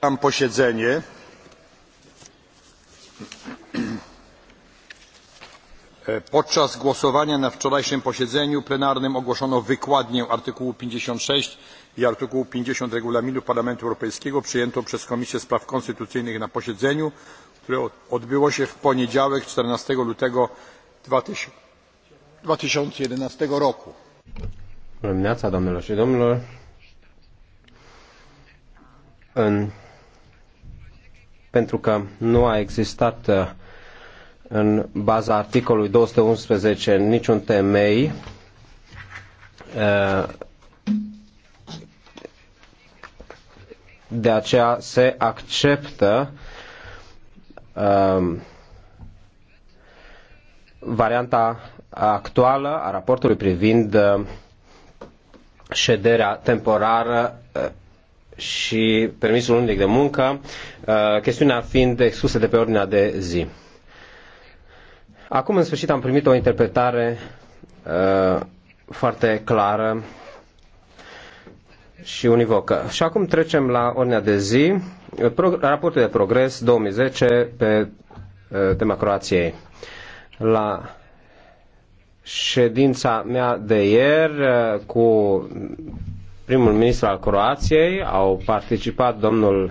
otwieram posiedzenie podczas głosowania na wczorajszym posiedzeniu plenarnym ogłoszono wykładnię artykułu pięćdziesiąt sześć i artykułu pięćdziesiąt regulaminu parlamentu europejskiego przyjętą przez komisję spraw konstytucyjnych na posiedzeniu które odbyło się w poniedziałek czternaście lutego dwa tysiące jedenaście roku pentru că nu a existat uh, în baza articolului 211 niciun temei uh, de aceea se acceptă uh, varianta actuală a raportului privind șederea temporară și permisul unic de muncă, uh, chestiunea fiind exclusă de pe ordinea de zi. Acum, în sfârșit, am primit o interpretare uh, foarte clară și univocă. Și acum trecem la ordinea de zi, raportul de progres 2010 pe uh, tema Croației. La ședința mea de ieri cu primul ministru al Croației, au participat domnul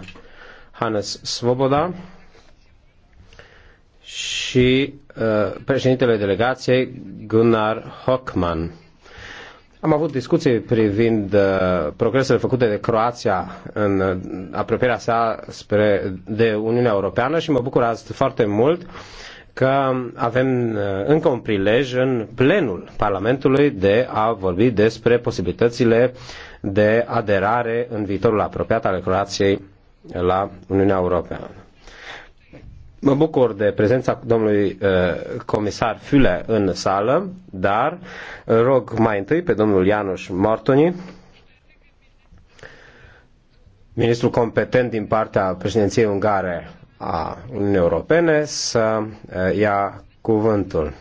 Hannes Svoboda și uh, președintele delegației Gunnar Hockman. Am avut discuții privind uh, progresele făcute de Croația în uh, apropierea sa spre, de Uniunea Europeană și mă bucur azi foarte mult că avem uh, încă un prilej în plenul Parlamentului de a vorbi despre posibilitățile de aderare în viitorul apropiat al Croației la Uniunea Europeană. Mă bucur de prezența domnului uh, comisar Füle în sală, dar rog mai întâi pe domnul Ianuș Mortoni, ministrul competent din partea președinției ungare a Uniunii Europene, să uh, ia cuvântul.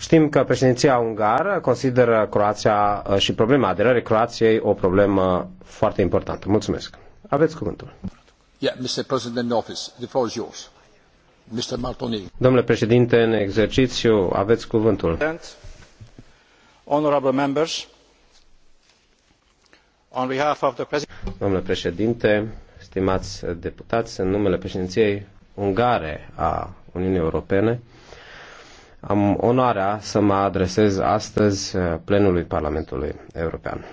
Știm că președinția ungară consideră Croația uh, și problema aderării Croației o problemă foarte importantă. Mulțumesc. Aveți cuvântul. Yeah, Mr. President in office, the floor is yours. Mr. Martoni. Domnule președinte, în exercițiu, aveți cuvântul. Honorable members, on behalf of the president... Domnule președinte, stimați deputați, în numele președinției ungare a Uniunii Europene, am onoarea să mă adresez astăzi uh, plenului Parlamentului European.